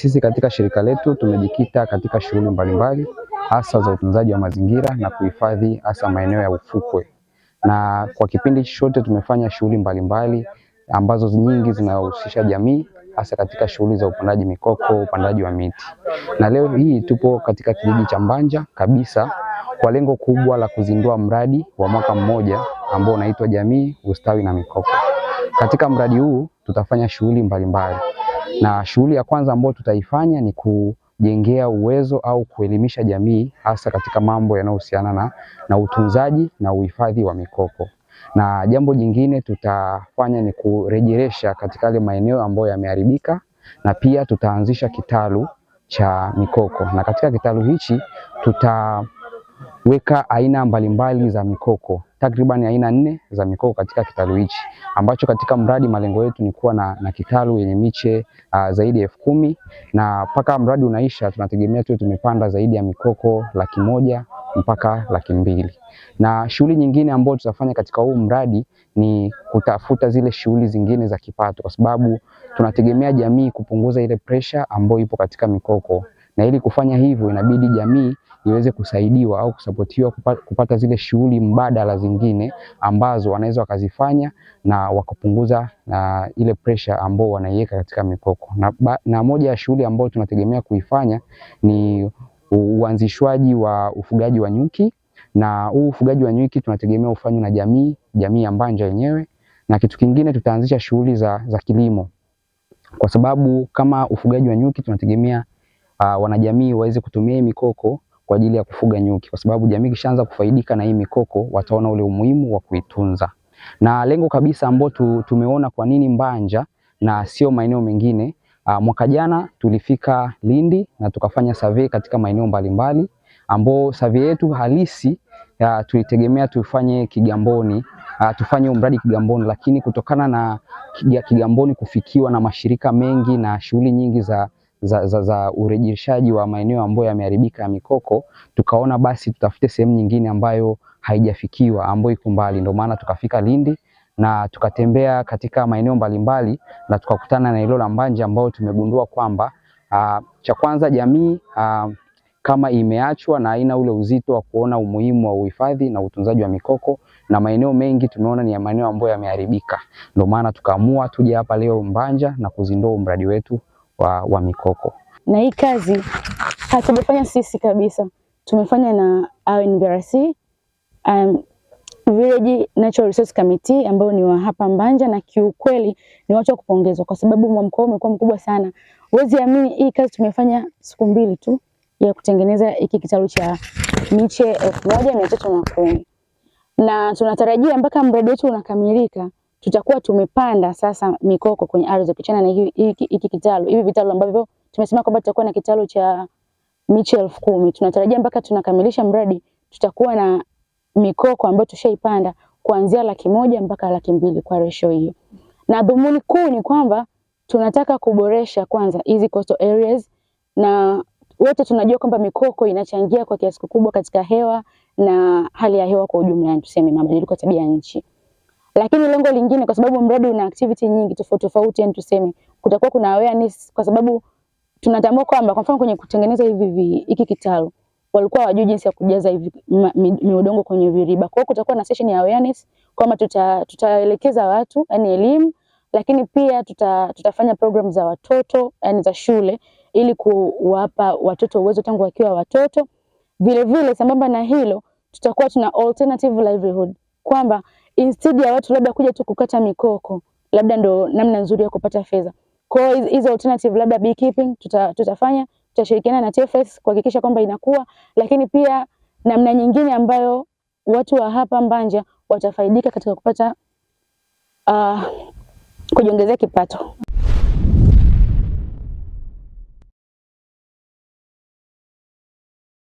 Sisi katika shirika letu tumejikita katika shughuli mbalimbali hasa za utunzaji wa mazingira na kuhifadhi hasa maeneo ya ufukwe, na kwa kipindi chote tumefanya shughuli mbalimbali ambazo nyingi zinahusisha jamii hasa katika shughuli za upandaji mikoko, upandaji wa miti, na leo hii tupo katika kijiji cha Mbanja kabisa kwa lengo kubwa la kuzindua mradi wa mwaka mmoja ambao unaitwa Jamii, Ustawi na Mikoko. Katika mradi huu tutafanya shughuli mbalimbali na shughuli ya kwanza ambayo tutaifanya ni kujengea uwezo au kuelimisha jamii hasa katika mambo yanayohusiana na, na utunzaji na uhifadhi wa mikopo. Na jambo jingine tutafanya ni kurejeresha katika yale maeneo ambayo yameharibika na pia tutaanzisha kitalu cha mikoko na katika kitalu hichi tutaweka aina mbalimbali za mikoko takriban aina nne za mikoko katika kitalu hichi ambacho katika mradi malengo yetu ni kuwa na, na kitalu yenye miche uh, zaidi ya elfu kumi na mpaka mradi unaisha tunategemea tuwe tumepanda zaidi ya mikoko laki moja mpaka laki mbili. Na shughuli nyingine ambayo tutafanya katika huu mradi ni kutafuta zile shughuli zingine za kipato, kwa sababu tunategemea jamii kupunguza ile presha ambayo ipo katika mikoko, na ili kufanya hivyo inabidi jamii iweze kusaidiwa au kusapotiwa kupata zile shughuli mbadala zingine ambazo wanaweza wakazifanya na wakapunguza na ile pressure ambao wanaiweka katika mikoko na, ba, na moja ya shughuli ambayo tunategemea kuifanya ni uanzishwaji wa ufugaji wa nyuki na huu ufugaji wa nyuki tunategemea ufanywe na jamii jamii ya Mbanja yenyewe, na kitu kingine tutaanzisha shughuli za, za kilimo kwa sababu kama ufugaji wa nyuki tunategemea uh, wanajamii waweze kutumia mikoko kwa ajili ya kufuga nyuki, kwa sababu jamii ikishaanza kufaidika na hii mikoko wataona ule umuhimu wa kuitunza, na lengo kabisa ambao tumeona kwa nini Mbanja na sio maeneo mengine. Ah, mwaka jana tulifika Lindi na tukafanya survey katika maeneo mbalimbali, ambao survey yetu halisi ya, tulitegemea ah, tufanye Kigamboni, uh, tufanye umradi Kigamboni, lakini kutokana na Kigamboni kufikiwa na mashirika mengi na shughuli nyingi za za, za, za urejeshaji wa maeneo ambayo yameharibika ya mikoko, tukaona basi tutafute sehemu nyingine ambayo haijafikiwa ambayo iko mbali. Ndio maana tukafika Lindi na tukatembea katika maeneo mbalimbali na tukakutana na hilo la Mbanje ambayo tumegundua kwamba uh, cha kwanza jamii uh, kama imeachwa na haina ule uzito wa kuona umuhimu wa uhifadhi na utunzaji wa mikoko, na maeneo mengi tumeona ni maeneo ambayo yameharibika. Ndio maana tukaamua tuje hapa leo Mbanja na kuzindua mradi wetu wa, wa mikoko. Na hii kazi hatujafanya sisi kabisa, tumefanya na ANVRC um, Village Natural Resource Committee ambao ni wa hapa Mbanja, na kiukweli ni watu wa kupongezwa kwa sababu mwamko umekuwa mkubwa sana. Huwezi amini, hii kazi tumefanya siku mbili tu ya kutengeneza hiki kitalu cha miche elfu moja mia tatu na kumi na tunatarajia mpaka mradi wetu unakamilika tutakuwa tumepanda sasa mikoko kwenye ardhi kuchana na hiki kitalu, hivi vitalu ambavyo tumesema kwamba tutakuwa na kitalu cha miche elfu kumi. Tunatarajia mpaka tunakamilisha mradi tutakuwa na mikoko ambayo tushaipanda kuanzia laki moja mpaka laki mbili kwa ratio hiyo, na dhumuni kuu ni kwamba tunataka kuboresha kwanza hizi coastal areas, na wote tunajua kwamba mikoko inachangia kwa kiasi kikubwa katika hewa na hali ya hewa kwa ujumla, tuseme mabadiliko ya tabia ya nchi. mm. Lakini lengo lingine, kwa sababu mradi una activity nyingi tofauti tofauti, yani tuseme kutakuwa kuna awareness, kwa sababu tunatambua kwamba kwa mfano kwenye kutengeneza hivi hiki kitalu walikuwa wajui jinsi ya kujaza hivi miodongo kwenye viriba. Kwa hiyo kutakuwa na session ya awareness kwamba tuta, tutaelekeza watu yani elimu, lakini pia tuta, tutafanya program za watoto yani za shule ili kuwapa watoto uwezo tangu wakiwa watoto. Vilevile sambamba na hilo tutakuwa tuna alternative livelihood kwamba instead ya watu labda kuja tu kukata mikoko, labda ndo namna nzuri ya kupata fedha. Kwa hizo alternative labda beekeeping tuta, tutafanya tutashirikiana na TFS kuhakikisha kwamba inakuwa, lakini pia namna nyingine ambayo watu wa hapa Mbanja watafaidika katika kupata uh, kujiongezea kipato.